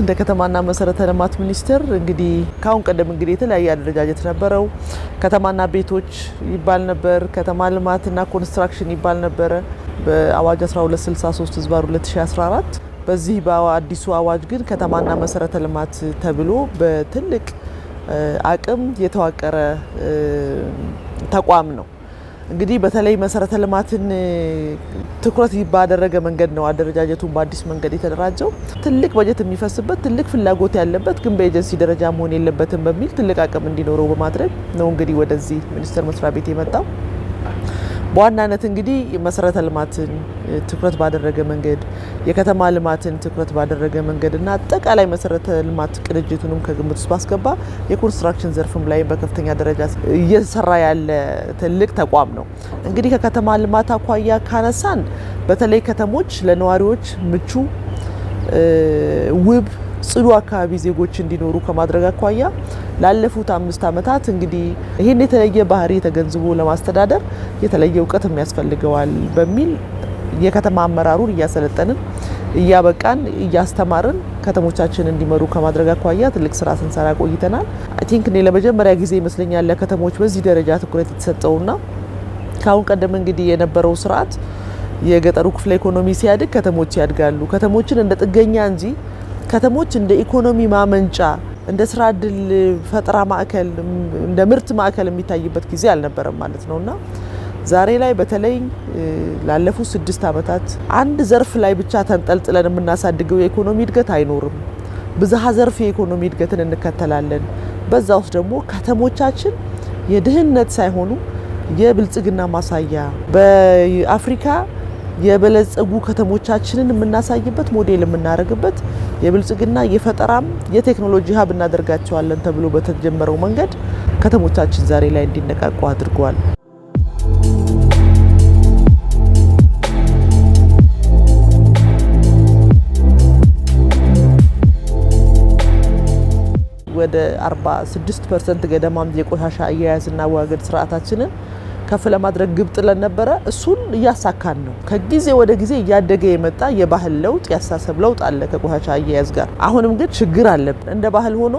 እንደ ከተማና መሰረተ ልማት ሚኒስቴር እንግዲህ ካሁን ቀደም እንግዲህ የተለያየ አደረጃጀት ነበረው። ከተማና ቤቶች ይባል ነበር። ከተማ ልማትና ኮንስትራክሽን ይባል ነበረ በአዋጅ 1263 ህዝባር 2014። በዚህ በአዲሱ አዋጅ ግን ከተማና መሰረተ ልማት ተብሎ በትልቅ አቅም የተዋቀረ ተቋም ነው። እንግዲህ በተለይ መሰረተ ልማትን ትኩረት ባደረገ መንገድ ነው አደረጃጀቱን በአዲስ መንገድ የተደራጀው። ትልቅ በጀት የሚፈስበት ትልቅ ፍላጎት ያለበት ግን በኤጀንሲ ደረጃ መሆን የለበትም በሚል ትልቅ አቅም እንዲኖረው በማድረግ ነው እንግዲህ ወደዚህ ሚኒስቴር መስሪያ ቤት የመጣው። በዋናነት እንግዲህ መሰረተ ልማትን ትኩረት ባደረገ መንገድ የከተማ ልማትን ትኩረት ባደረገ መንገድ እና አጠቃላይ መሰረተ ልማት ቅንጅቱንም ከግምት ውስጥ ባስገባ የኮንስትራክሽን ዘርፍም ላይ በከፍተኛ ደረጃ እየሰራ ያለ ትልቅ ተቋም ነው። እንግዲህ ከከተማ ልማት አኳያ ካነሳን በተለይ ከተሞች ለነዋሪዎች ምቹ፣ ውብ፣ ጽዱ አካባቢ ዜጎች እንዲኖሩ ከማድረግ አኳያ ላለፉት አምስት ዓመታት እንግዲህ ይህን የተለየ ባህሪ ተገንዝቦ ለማስተዳደር የተለየ እውቀት የሚያስፈልገዋል በሚል የከተማ አመራሩን እያሰለጠንን እያበቃን እያስተማርን ከተሞቻችን እንዲመሩ ከማድረግ አኳያ ትልቅ ስራ ስንሰራ ቆይተናል። አይ ቲንክ እኔ ለመጀመሪያ ጊዜ ይመስለኛል ለከተሞች በዚህ ደረጃ ትኩረት የተሰጠውና ከአሁን ቀደም እንግዲህ የነበረው ስርዓት የገጠሩ ክፍለ ኢኮኖሚ ሲያድግ ከተሞች ያድጋሉ። ከተሞችን እንደ ጥገኛ እንጂ ከተሞች እንደ ኢኮኖሚ ማመንጫ እንደ ስራ እድል ፈጠራ ማዕከል እንደ ምርት ማዕከል የሚታይበት ጊዜ አልነበረም ማለት ነውና ዛሬ ላይ በተለይ ላለፉት ስድስት ዓመታት አንድ ዘርፍ ላይ ብቻ ተንጠልጥለን የምናሳድገው የኢኮኖሚ እድገት አይኖርም። ብዝሃ ዘርፍ የኢኮኖሚ እድገትን እንከተላለን። በዛ ውስጥ ደግሞ ከተሞቻችን የድህነት ሳይሆኑ የብልጽግና ማሳያ በአፍሪካ የበለጸጉ ከተሞቻችንን የምናሳይበት ሞዴል የምናደርግበት የብልጽግና የፈጠራም የቴክኖሎጂ ሀብ እናደርጋቸዋለን ተብሎ በተጀመረው መንገድ ከተሞቻችን ዛሬ ላይ እንዲነቃቁ አድርጓል። ወደ 46 ፐርሰንት ገደማም የቆሻሻ አያያዝና አወጋገድ ስርዓታችንን ከፍ ለማድረግ ግብ ጥለን ነበረ። እሱን እያሳካን ነው። ከጊዜ ወደ ጊዜ እያደገ የመጣ የባህል ለውጥ ያሳሰብ ለውጥ አለ ከቆሻሻ አያያዝ ጋር። አሁንም ግን ችግር አለብን። እንደ ባህል ሆኖ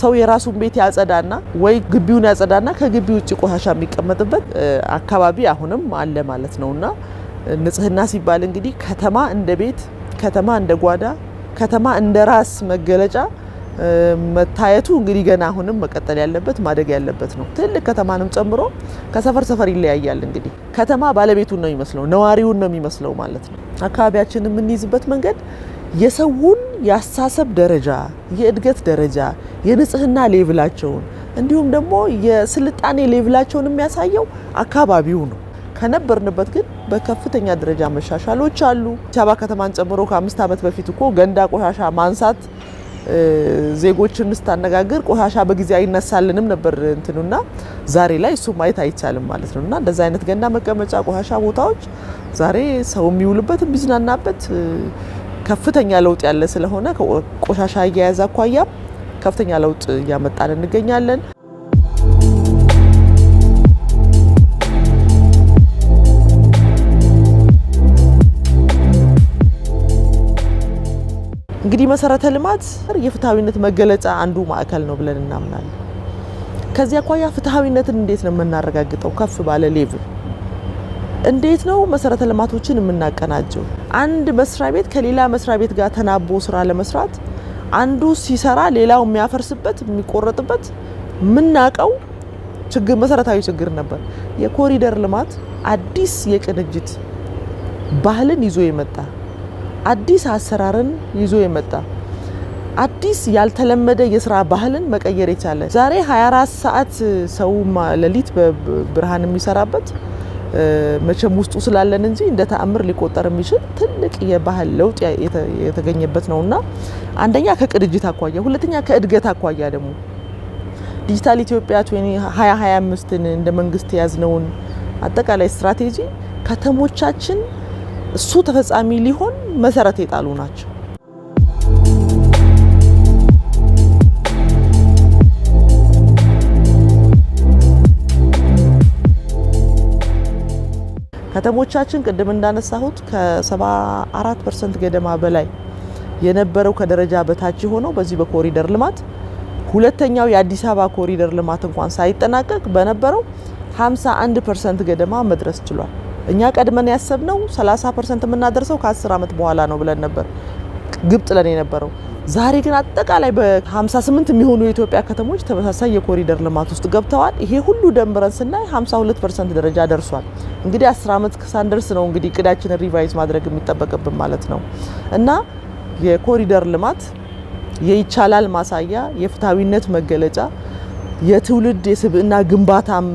ሰው የራሱን ቤት ያጸዳና ወይ ግቢውን ያጸዳና ከግቢ ውጭ ቆሻሻ የሚቀመጥበት አካባቢ አሁንም አለ ማለት ነው እና ንጽህና ሲባል እንግዲህ ከተማ እንደ ቤት ከተማ እንደ ጓዳ ከተማ እንደ ራስ መገለጫ መታየቱ እንግዲህ ገና አሁንም መቀጠል ያለበት ማደግ ያለበት ነው። ትልቅ ከተማንም ጨምሮ ከሰፈር ሰፈር ይለያያል። እንግዲህ ከተማ ባለቤቱን ነው የሚመስለው፣ ነዋሪውን ነው የሚመስለው ማለት ነው። አካባቢያችን የምንይዝበት መንገድ የሰውን የአስተሳሰብ ደረጃ፣ የእድገት ደረጃ፣ የንጽህና ሌቭላቸውን እንዲሁም ደግሞ የስልጣኔ ሌቭላቸውን የሚያሳየው አካባቢው ነው። ከነበርንበት ግን በከፍተኛ ደረጃ መሻሻሎች አሉ። አዲስ አበባ ከተማን ጨምሮ ከአምስት ዓመት በፊት እኮ ገንዳ ቆሻሻ ማንሳት ዜጎችን ስታነጋግር ቆሻሻ በጊዜ አይነሳልንም ነበር እንትኑና ዛሬ ላይ እሱ ማየት አይቻልም ማለት ነው። እና አይነት ገና መቀመጫ ቆሻሻ ቦታዎች ዛሬ ሰው የሚውልበት የሚዝናናበት ከፍተኛ ለውጥ ያለ ስለሆነ ቆሻሻ አያያዝ አኳያ ከፍተኛ ለውጥ እያመጣን እንገኛለን። መሰረተ ልማት የፍትሐዊነት መገለጫ አንዱ ማዕከል ነው ብለን እናምናለን። ከዚህ አኳያ ፍትሐዊነትን እንዴት ነው የምናረጋግጠው? ከፍ ባለ ሌቭል እንዴት ነው መሰረተ ልማቶችን የምናቀናጀው? አንድ መስሪያ ቤት ከሌላ መስሪያ ቤት ጋር ተናቦ ስራ ለመስራት አንዱ ሲሰራ ሌላው የሚያፈርስበት የሚቆረጥበት የምናውቀው ችግር መሰረታዊ ችግር ነበር። የኮሪደር ልማት አዲስ የቅንጅት ባህልን ይዞ የመጣ አዲስ አሰራርን ይዞ የመጣ አዲስ ያልተለመደ የስራ ባህልን መቀየር የቻለ ዛሬ 24 ሰዓት ሰው ሌሊት በብርሃን የሚሰራበት መቼም ውስጡ ስላለን እንጂ እንደ ተአምር ሊቆጠር የሚችል ትልቅ የባህል ለውጥ የተገኘበት ነው እና አንደኛ ከቅድጅት አኳያ፣ ሁለተኛ ከእድገት አኳያ ደግሞ ዲጂታል ኢትዮጵያ 2025ን እንደ መንግስት የያዝነውን አጠቃላይ ስትራቴጂ ከተሞቻችን እሱ ተፈጻሚ ሊሆን መሰረት የጣሉ ናቸው። ከተሞቻችን ቅድም እንዳነሳሁት ከ74 ፐርሰንት ገደማ በላይ የነበረው ከደረጃ በታች የሆነው በዚህ በኮሪደር ልማት ሁለተኛው የአዲስ አበባ ኮሪደር ልማት እንኳን ሳይጠናቀቅ በነበረው 51 ፐርሰንት ገደማ መድረስ ችሏል። እኛ ቀድመን ያሰብነው 30 ፐርሰንት የምናደርሰው ከ10 ዓመት በኋላ ነው ብለን ነበር ግብ ጥለን የነበረው። ዛሬ ግን አጠቃላይ በ58 የሚሆኑ የኢትዮጵያ ከተሞች ተመሳሳይ የኮሪደር ልማት ውስጥ ገብተዋል። ይሄ ሁሉ ደምብረን ስናይ 52 ፐርሰንት ደረጃ ደርሷል። እንግዲህ 10 ዓመት ሳንደርስ ነው እንግዲህ እቅዳችንን ሪቫይዝ ማድረግ የሚጠበቅብን ማለት ነው እና የኮሪደር ልማት የይቻላል ማሳያ የፍትሐዊነት መገለጫ የትውልድ የስብዕና ግንባታም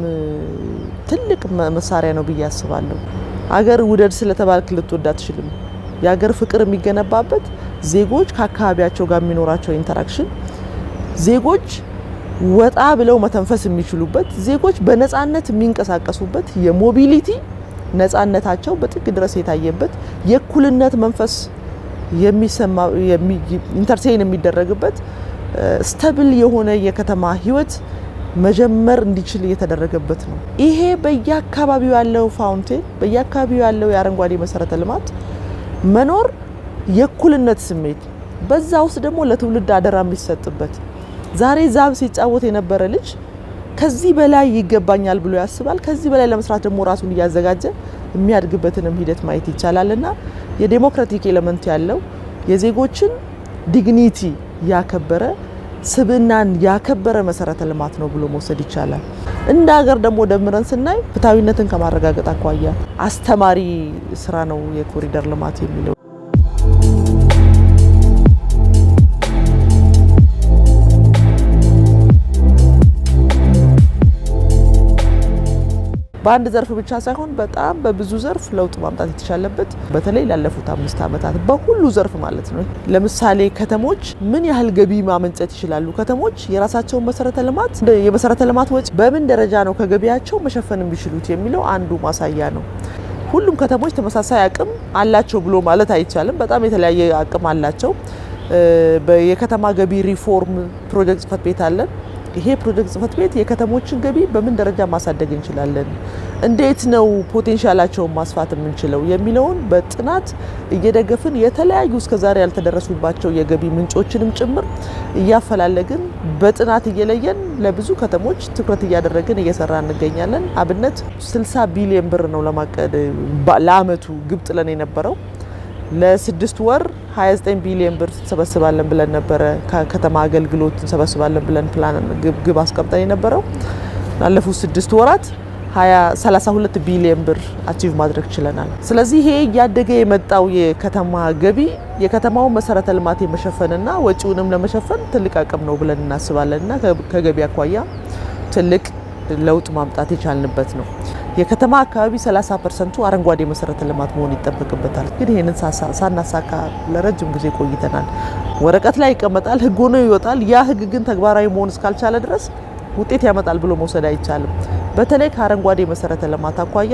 ትልቅ መሳሪያ ነው ብዬ አስባለሁ። አገር ውደድ ስለተባልክ ልትወድ አትችልም። የአገር ፍቅር የሚገነባበት ዜጎች ከአካባቢያቸው ጋር የሚኖራቸው ኢንተራክሽን፣ ዜጎች ወጣ ብለው መተንፈስ የሚችሉበት፣ ዜጎች በነፃነት የሚንቀሳቀሱበት፣ የሞቢሊቲ ነፃነታቸው በጥግ ድረስ የታየበት፣ የእኩልነት መንፈስ ኢንተርቴን የሚደረግበት ስተብል የሆነ የከተማ ህይወት መጀመር እንዲችል እየተደረገበት ነው። ይሄ በየአካባቢው ያለው ፋውንቴን፣ በየአካባቢው ያለው የአረንጓዴ መሰረተ ልማት መኖር የእኩልነት ስሜት በዛ ውስጥ ደግሞ ለትውልድ አደራ የሚሰጥበት ዛሬ ዛብ ሲጫወት የነበረ ልጅ ከዚህ በላይ ይገባኛል ብሎ ያስባል። ከዚህ በላይ ለመስራት ደግሞ ራሱን እያዘጋጀ የሚያድግበትንም ሂደት ማየት ይቻላል እና የዴሞክራቲክ ኤሌመንት ያለው የዜጎችን ዲግኒቲ ያከበረ ስብናን ያከበረ መሰረተ ልማት ነው ብሎ መውሰድ ይቻላል። እንደ ሀገር ደግሞ ደምረን ስናይ ፍትሐዊነትን ከማረጋገጥ አኳያ አስተማሪ ስራ ነው የኮሪደር ልማት የሚለው በአንድ ዘርፍ ብቻ ሳይሆን በጣም በብዙ ዘርፍ ለውጥ ማምጣት የተቻለበት በተለይ ላለፉት አምስት ዓመታት በሁሉ ዘርፍ ማለት ነው። ለምሳሌ ከተሞች ምን ያህል ገቢ ማመንጨት ይችላሉ? ከተሞች የራሳቸውን መሰረተ ልማት የመሰረተ ልማት ወጪ በምን ደረጃ ነው ከገቢያቸው መሸፈን የሚችሉት የሚለው አንዱ ማሳያ ነው። ሁሉም ከተሞች ተመሳሳይ አቅም አላቸው ብሎ ማለት አይቻልም። በጣም የተለያየ አቅም አላቸው። የከተማ ገቢ ሪፎርም ፕሮጀክት ጽፈት ቤት አለን። ይሄ ፕሮጀክት ጽህፈት ቤት የከተሞችን ገቢ በምን ደረጃ ማሳደግ እንችላለን፣ እንዴት ነው ፖቴንሻላቸውን ማስፋት የምንችለው የሚለውን በጥናት እየደገፍን የተለያዩ እስከዛሬ ያልተደረሱባቸው የገቢ ምንጮችንም ጭምር እያፈላለግን በጥናት እየለየን ለብዙ ከተሞች ትኩረት እያደረግን እየሰራ እንገኛለን። አብነት 60 ቢሊዮን ብር ነው ለማቀድ ለአመቱ ግብ ጥለን የነበረው ለስድስት ወር 29 ቢሊዮን ብር እንሰበስባለን ብለን ነበረ። ከከተማ አገልግሎት እንሰበስባለን ብለን ፕላን ግብ አስቀምጠን የነበረው ላለፉት ስድስት ወራት 32 ቢሊዮን ብር አቺቭ ማድረግ ችለናል። ስለዚህ ይሄ እያደገ የመጣው የከተማ ገቢ የከተማው መሰረተ ልማት የመሸፈንና ወጪውንም ለመሸፈን ትልቅ አቅም ነው ብለን እናስባለን እና ከገቢ አኳያ ትልቅ ለውጥ ማምጣት የቻልንበት ነው። የከተማ አካባቢ 30 ፐርሰንቱ አረንጓዴ መሰረተ ልማት መሆን ይጠበቅበታል። ግን ይህንን ሳናሳካ ለረጅም ጊዜ ቆይተናል። ወረቀት ላይ ይቀመጣል፣ ህግ ሆኖ ይወጣል። ያ ህግ ግን ተግባራዊ መሆን እስካልቻለ ድረስ ውጤት ያመጣል ብሎ መውሰድ አይቻልም። በተለይ ከአረንጓዴ መሰረተ ልማት አኳያ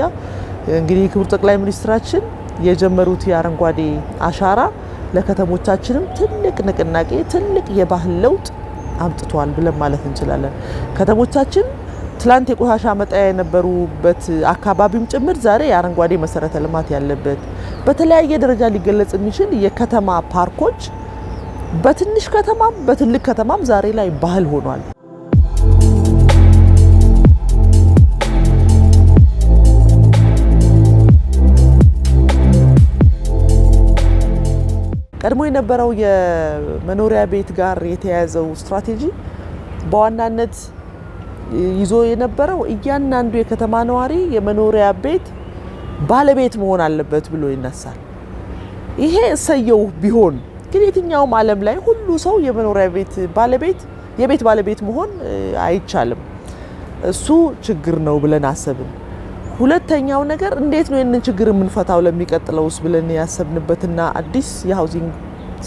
እንግዲህ ክቡር ጠቅላይ ሚኒስትራችን የጀመሩት የአረንጓዴ አሻራ ለከተሞቻችንም ትልቅ ንቅናቄ፣ ትልቅ የባህል ለውጥ አምጥቷል ብለን ማለት እንችላለን ከተሞቻችን ትላንት የቆሻሻ መጣያ የነበሩበት አካባቢም ጭምር ዛሬ የአረንጓዴ መሰረተ ልማት ያለበት በተለያየ ደረጃ ሊገለጽ የሚችል የከተማ ፓርኮች በትንሽ ከተማም በትልቅ ከተማም ዛሬ ላይ ባህል ሆኗል። ቀድሞ የነበረው የመኖሪያ ቤት ጋር የተያያዘው ስትራቴጂ በዋናነት ይዞ የነበረው እያንዳንዱ የከተማ ነዋሪ የመኖሪያ ቤት ባለቤት መሆን አለበት ብሎ ይነሳል። ይሄ እሰየው ቢሆን ግን የትኛውም ዓለም ላይ ሁሉ ሰው የመኖሪያ ቤት ባለቤት የቤት ባለቤት መሆን አይቻልም። እሱ ችግር ነው ብለን አሰብን። ሁለተኛው ነገር እንዴት ነው ይህንን ችግር የምንፈታው ለሚቀጥለውስ ብለን ያሰብንበትና አዲስ የሀውሲንግ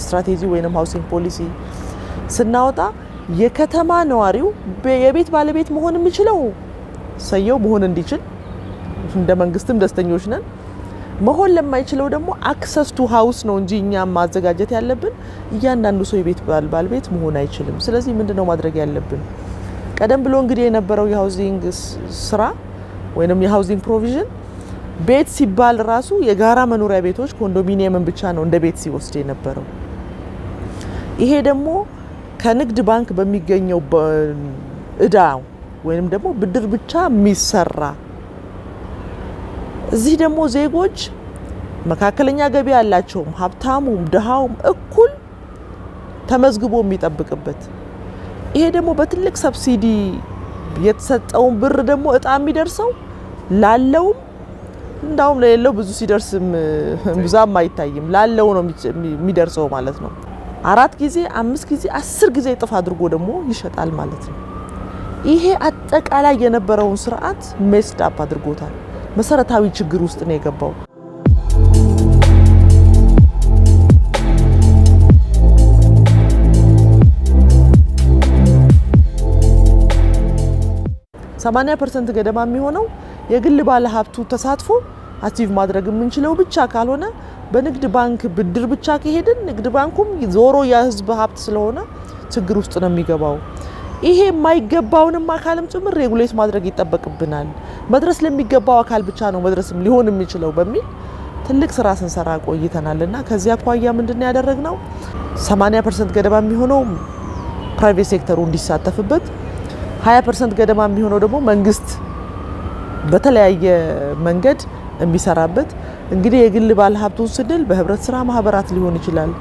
ስትራቴጂ ወይም ሀውሲንግ ፖሊሲ ስናወጣ የከተማ ነዋሪው የቤት ባለቤት መሆን የሚችለው ሰየው መሆን እንዲችል እንደ መንግስትም ደስተኞች ነን። መሆን ለማይችለው ደግሞ አክሰስ ቱ ሀውስ ነው እንጂ እኛ ማዘጋጀት ያለብን እያንዳንዱ ሰው የቤት ባለቤት መሆን አይችልም። ስለዚህ ምንድነው ነው ማድረግ ያለብን? ቀደም ብሎ እንግዲህ የነበረው የሀውዚንግ ስራ ወይም የሀውዚንግ ፕሮቪዥን ቤት ሲባል ራሱ የጋራ መኖሪያ ቤቶች ኮንዶሚኒየምን ብቻ ነው እንደ ቤት ሲወስድ የነበረው። ይሄ ደግሞ ከንግድ ባንክ በሚገኘው እዳ ወይም ደግሞ ብድር ብቻ የሚሰራ እዚህ ደግሞ ዜጎች መካከለኛ ገቢ ያላቸውም ሀብታሙም ድሃውም እኩል ተመዝግቦ የሚጠብቅበት ይሄ ደግሞ በትልቅ ሰብሲዲ የተሰጠውን ብር ደግሞ እጣ የሚደርሰው ላለውም እንዳውም ለሌለው ብዙ ሲደርስም ብዛም አይታይም ላለው ነው የሚደርሰው ማለት ነው። አራት ጊዜ አምስት ጊዜ አስር ጊዜ እጥፍ አድርጎ ደግሞ ይሸጣል ማለት ነው። ይሄ አጠቃላይ የነበረውን ስርዓት ሜስድ አፕ አድርጎታል። መሰረታዊ ችግር ውስጥ ነው የገባው። ሰማንያ ፐርሰንት ገደማ የሚሆነው የግል ባለሀብቱ ተሳትፎ አቲቭ ማድረግ የምንችለው ብቻ ካልሆነ በንግድ ባንክ ብድር ብቻ ከሄድን ንግድ ባንኩም ዞሮ የህዝብ ሀብት ስለሆነ ችግር ውስጥ ነው የሚገባው። ይሄ የማይገባውንም አካልም ጭምር ሬጉሌት ማድረግ ይጠበቅብናል። መድረስ ለሚገባው አካል ብቻ ነው መድረስም ሊሆን የሚችለው በሚል ትልቅ ስራ ስንሰራ ቆይተናል እና ከዚህ አኳያ ምንድን ነው ያደረግነው 80 ፐርሰንት ገደማ የሚሆነው ፕራይቬት ሴክተሩ እንዲሳተፍበት 20 ፐርሰንት ገደማ የሚሆነው ደግሞ መንግስት በተለያየ መንገድ የሚሰራበት እንግዲህ የግል ባለሀብቱን ስንል በህብረት ስራ ማህበራት ሊሆን ይችላል።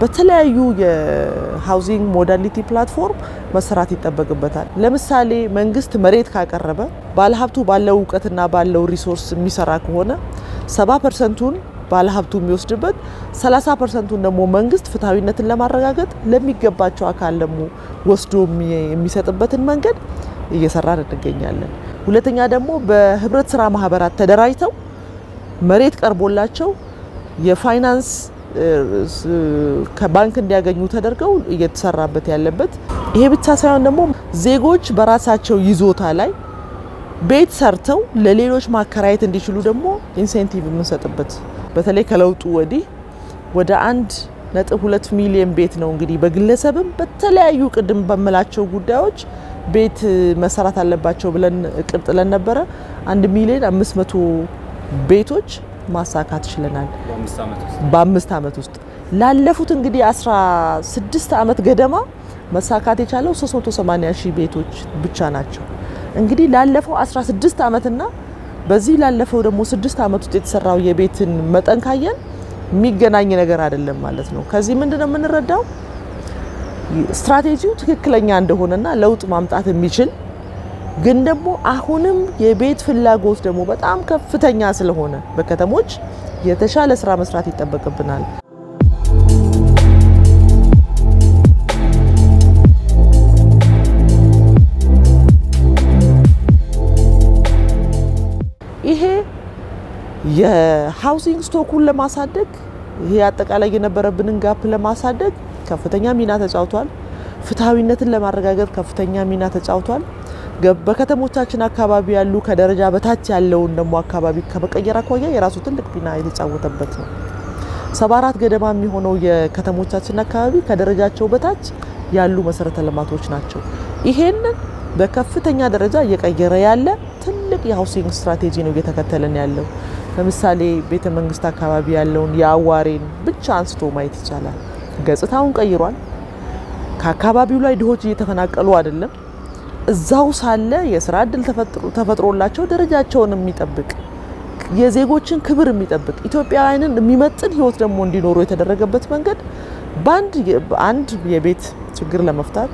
በተለያዩ የሃውዚንግ ሞዳሊቲ ፕላትፎርም መሰራት ይጠበቅበታል። ለምሳሌ መንግስት መሬት ካቀረበ ባለሀብቱ ባለው እውቀትና ባለው ሪሶርስ የሚሰራ ከሆነ ሰባ ፐርሰንቱን ባለሀብቱ የሚወስድበት ሰላሳ ፐርሰንቱን ደግሞ መንግስት ፍትሐዊነትን ለማረጋገጥ ለሚገባቸው አካል ደግሞ ወስዶ የሚሰጥበትን መንገድ እየሰራን እንገኛለን። ሁለተኛ ደግሞ በህብረት ስራ ማህበራት ተደራጅተው መሬት ቀርቦላቸው የፋይናንስ ከባንክ እንዲያገኙ ተደርገው እየተሰራበት ያለበት። ይሄ ብቻ ሳይሆን ደግሞ ዜጎች በራሳቸው ይዞታ ላይ ቤት ሰርተው ለሌሎች ማከራየት እንዲችሉ ደግሞ ኢንሴንቲቭ የምንሰጥበት በተለይ ከለውጡ ወዲህ ወደ አንድ ነጥብ ሁለት ሚሊዮን ቤት ነው እንግዲህ በግለሰብም በተለያዩ ቅድም በምላቸው ጉዳዮች ቤት መሰራት አለባቸው ብለን እቅድ ጥለን ነበረ አንድ ሚሊዮን አምስት መቶ ቤቶች ማሳካት ችለናል በአምስት አመት ውስጥ። ላለፉት እንግዲህ 16 አመት ገደማ መሳካት የቻለው 380 ሺህ ቤቶች ብቻ ናቸው። እንግዲህ ላለፈው 16 አመትና በዚህ ላለፈው ደግሞ 6 ዓመት ውስጥ የተሰራው የቤትን መጠን ካየን የሚገናኝ ነገር አይደለም ማለት ነው። ከዚህ ምንድነው የምንረዳው ስትራቴጂው ትክክለኛ እንደሆነና ለውጥ ማምጣት የሚችል ግን ደግሞ አሁንም የቤት ፍላጎት ደግሞ በጣም ከፍተኛ ስለሆነ በከተሞች የተሻለ ስራ መስራት ይጠበቅብናል። ይሄ የሃውሲንግ ስቶኩን ለማሳደግ ይሄ አጠቃላይ የነበረብንን ጋፕ ለማሳደግ ከፍተኛ ሚና ተጫውቷል። ፍትሐዊነትን ለማረጋገጥ ከፍተኛ ሚና ተጫውቷል። በከተሞቻችን አካባቢ ያሉ ከደረጃ በታች ያለውን ደግሞ አካባቢ ከመቀየር አኳያ የራሱ ትልቅ ሚና የተጫወተበት ነው። ሰባ አራት ገደማ የሚሆነው የከተሞቻችን አካባቢ ከደረጃቸው በታች ያሉ መሰረተ ልማቶች ናቸው። ይሄንን በከፍተኛ ደረጃ እየቀየረ ያለ ትልቅ የሀውሲንግ ስትራቴጂ ነው እየተከተለን ያለው። ለምሳሌ ቤተ መንግስት አካባቢ ያለውን የአዋሬን ብቻ አንስቶ ማየት ይቻላል። ገጽታውን ቀይሯል። ከአካባቢው ላይ ድሆች እየተፈናቀሉ አይደለም። እዛው ሳለ የስራ እድል ተፈጥሮላቸው ደረጃቸውን የሚጠብቅ የዜጎችን ክብር የሚጠብቅ ኢትዮጵያውያንን የሚመጥን ህይወት ደግሞ እንዲኖሩ የተደረገበት መንገድ በአንድ አንድ የቤት ችግር ለመፍታት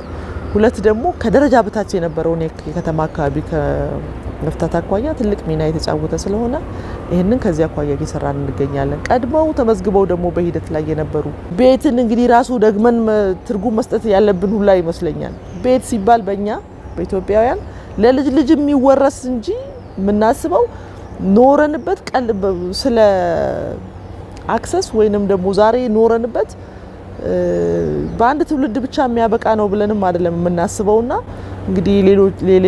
ሁለት ደግሞ ከደረጃ በታች የነበረውን የከተማ አካባቢ ከመፍታት አኳያ ትልቅ ሚና የተጫወተ ስለሆነ ይህንን ከዚህ አኳያ እየሰራን እንገኛለን። ቀድመው ተመዝግበው ደግሞ በሂደት ላይ የነበሩ ቤትን እንግዲህ ራሱ ደግመን ትርጉም መስጠት ያለብን ሁላ ይመስለኛል። ቤት ሲባል በእኛ ኢትዮጵያውያን ለልጅ ልጅ የሚወረስ እንጂ የምናስበው ኖረንበት ቀል ስለ አክሰስ ወይንም ደግሞ ዛሬ ኖረንበት በአንድ ትውልድ ብቻ የሚያበቃ ነው ብለንም አይደለም የምናስበውና እንግዲህ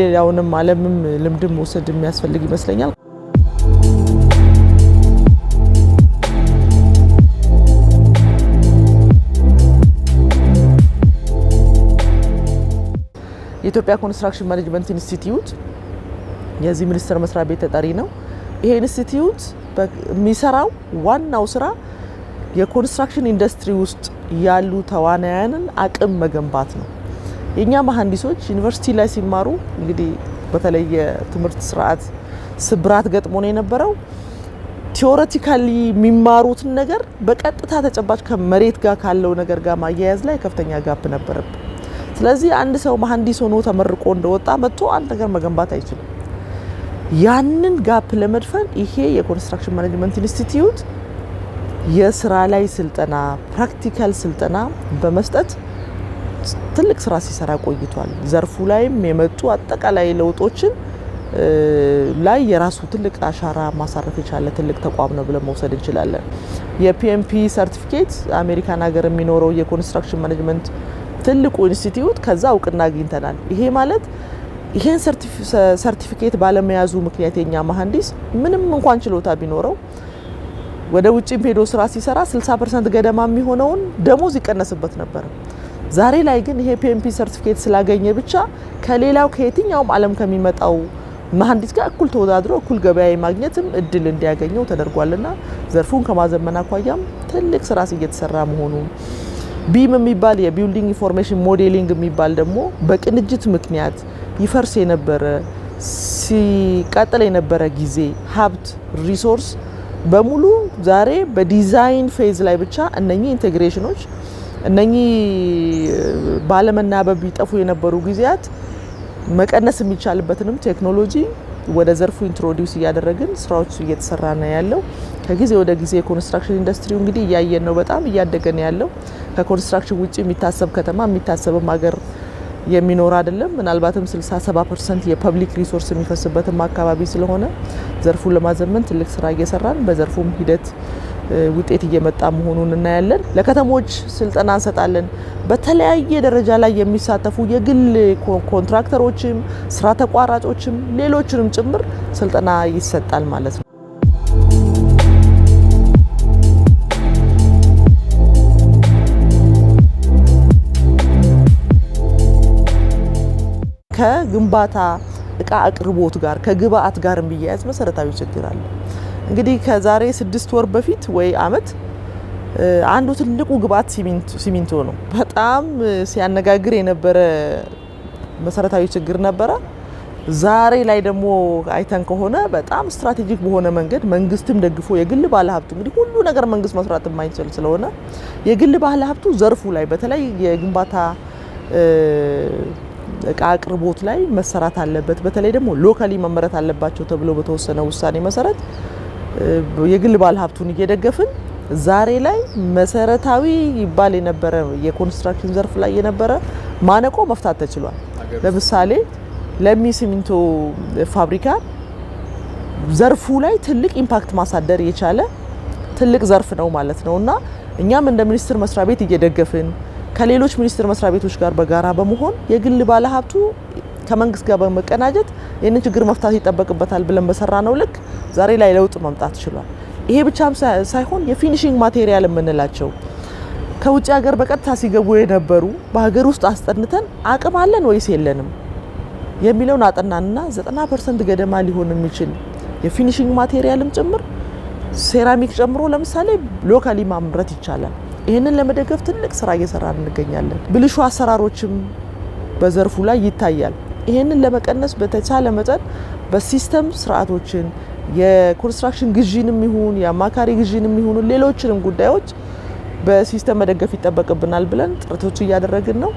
ሌላውንም ዓለምም ልምድም መውሰድ የሚያስፈልግ ይመስለኛል። የኢትዮጵያ ኮንስትራክሽን ማኔጅመንት ኢንስቲትዩት የዚህ ሚኒስቴር መስሪያ ቤት ተጠሪ ነው። ይሄ ኢንስቲትዩት የሚሰራው ዋናው ስራ የኮንስትራክሽን ኢንዱስትሪ ውስጥ ያሉ ተዋናያንን አቅም መገንባት ነው። የእኛ መሀንዲሶች ዩኒቨርሲቲ ላይ ሲማሩ እንግዲህ በተለየ ትምህርት ስርዓት ስብራት ገጥሞ ነው የነበረው። ቲዎሬቲካሊ የሚማሩትን ነገር በቀጥታ ተጨባጭ ከመሬት ጋር ካለው ነገር ጋር ማያያዝ ላይ ከፍተኛ ጋፕ ነበረብን። ስለዚህ አንድ ሰው መሀንዲስ ሆኖ ተመርቆ እንደወጣ መጥቶ አንድ ነገር መገንባት አይችልም። ያንን ጋፕ ለመድፈን ይሄ የኮንስትራክሽን ማኔጅመንት ኢንስቲትዩት የስራ ላይ ስልጠና፣ ፕራክቲካል ስልጠና በመስጠት ትልቅ ስራ ሲሰራ ቆይቷል። ዘርፉ ላይም የመጡ አጠቃላይ ለውጦችን ላይ የራሱ ትልቅ አሻራ ማሳረፍ የቻለ ትልቅ ተቋም ነው ብለን መውሰድ እንችላለን። የፒኤምፒ ሰርቲፊኬት አሜሪካን ሀገር የሚኖረው የኮንስትራክሽን ማኔጅመንት ትልቁ ኢንስቲትዩት ከዛ እውቅና አግኝተናል። ይሄ ማለት ይሄን ሰርቲፊኬት ባለመያዙ ምክንያት የኛ መሀንዲስ ምንም እንኳን ችሎታ ቢኖረው ወደ ውጭም ሄዶ ስራ ሲሰራ 60 ፐርሰንት ገደማ የሚሆነውን ደሞዝ ይቀነስበት ነበር። ዛሬ ላይ ግን ይሄ ፒኤምፒ ሰርቲፊኬት ስላገኘ ብቻ ከሌላው ከየትኛውም ዓለም ከሚመጣው መሀንዲስ ጋር እኩል ተወዳድሮ እኩል ገበያ የማግኘትም እድል እንዲያገኘው ተደርጓልና ዘርፉን ከማዘመን አኳያም ትልቅ ስራ እየተሰራ መሆኑ ቢም የሚባል የቢልዲንግ ኢንፎርሜሽን ሞዴሊንግ የሚባል ደግሞ በቅንጅት ምክንያት ይፈርስ የነበረ ሲቀጥል የነበረ ጊዜ፣ ሀብት፣ ሪሶርስ በሙሉ ዛሬ በዲዛይን ፌዝ ላይ ብቻ እነኚህ ኢንቴግሬሽኖች እነኚህ ባለመናበብ ይጠፉ የነበሩ ጊዜያት መቀነስ የሚቻልበትንም ቴክኖሎጂ ወደ ዘርፉ ኢንትሮዲውስ እያደረግን ስራዎች እየተሰራ ነው ያለው። ከጊዜ ወደ ጊዜ የኮንስትራክሽን ኢንዱስትሪው እንግዲህ እያየን ነው፣ በጣም እያደገ ነው ያለው። ከኮንስትራክሽን ውጭ የሚታሰብ ከተማ የሚታሰብም ሀገር የሚኖር አይደለም። ምናልባትም 67 ፐርሰንት የፐብሊክ ሪሶርስ የሚፈስበትም አካባቢ ስለሆነ ዘርፉን ለማዘመን ትልቅ ስራ እየሰራን በዘርፉም ሂደት ውጤት እየመጣ መሆኑን እናያለን። ለከተሞች ስልጠና እንሰጣለን። በተለያየ ደረጃ ላይ የሚሳተፉ የግል ኮንትራክተሮችም፣ ስራ ተቋራጮችም፣ ሌሎችንም ጭምር ስልጠና ይሰጣል ማለት ነው። ከግንባታ እቃ አቅርቦት ጋር ከግብአት ጋር የሚያያዝ መሰረታዊ ችግር አለ። እንግዲህ ከዛሬ ስድስት ወር በፊት ወይ አመት አንዱ ትልቁ ግብዓት ሲሚንቶ ነው። በጣም ሲያነጋግር የነበረ መሰረታዊ ችግር ነበረ። ዛሬ ላይ ደግሞ አይተን ከሆነ በጣም ስትራቴጂክ በሆነ መንገድ መንግስትም ደግፎ የግል ባለሀብቱ እንግዲህ ሁሉ ነገር መንግስት መስራት የማይችል ስለሆነ የግል ባለሀብቱ ዘርፉ ላይ በተለይ የግንባታ እቃ አቅርቦት ላይ መሰራት አለበት። በተለይ ደግሞ ሎካሊ መመረት አለባቸው ተብሎ በተወሰነ ውሳኔ መሰረት የግል ባለሀብቱን ሀብቱን እየደገፍን ዛሬ ላይ መሰረታዊ ይባል የነበረ የኮንስትራክሽን ዘርፍ ላይ የነበረ ማነቆ መፍታት ተችሏል። ለምሳሌ ለሚ ሲሚንቶ ፋብሪካ ዘርፉ ላይ ትልቅ ኢምፓክት ማሳደር የቻለ ትልቅ ዘርፍ ነው ማለት ነው እና እኛም እንደ ሚኒስቴር መስሪያ ቤት እየደገፍን ከሌሎች ሚኒስቴር መስሪያ ቤቶች ጋር በጋራ በመሆን የግል ባለሀብቱ ከመንግስት ጋር በመቀናጀት ይህንን ችግር መፍታት ይጠበቅበታል ብለን በሰራ ነው ልክ ዛሬ ላይ ለውጥ መምጣት ችሏል። ይሄ ብቻም ሳይሆን የፊኒሽንግ ማቴሪያል የምንላቸው ከውጭ ሀገር በቀጥታ ሲገቡ የነበሩ በሀገር ውስጥ አስጠንተን አቅም አለን ወይስ የለንም የሚለውን አጠናንና 90 ፐርሰንት ገደማ ሊሆን የሚችል የፊኒሽንግ ማቴሪያልም ጭምር ሴራሚክ ጨምሮ ለምሳሌ ሎካሊ ማምረት ይቻላል። ይህንን ለመደገፍ ትልቅ ስራ እየሰራን እንገኛለን። ብልሹ አሰራሮችም በዘርፉ ላይ ይታያል። ይህንን ለመቀነስ በተቻለ መጠን በሲስተም ስርዓቶችን የኮንስትራክሽን ግዢንም ይሁን የአማካሪ ግዢንም ይሁኑ ሌሎችንም ጉዳዮች በሲስተም መደገፍ ይጠበቅብናል ብለን ጥረቶች እያደረግን ነው።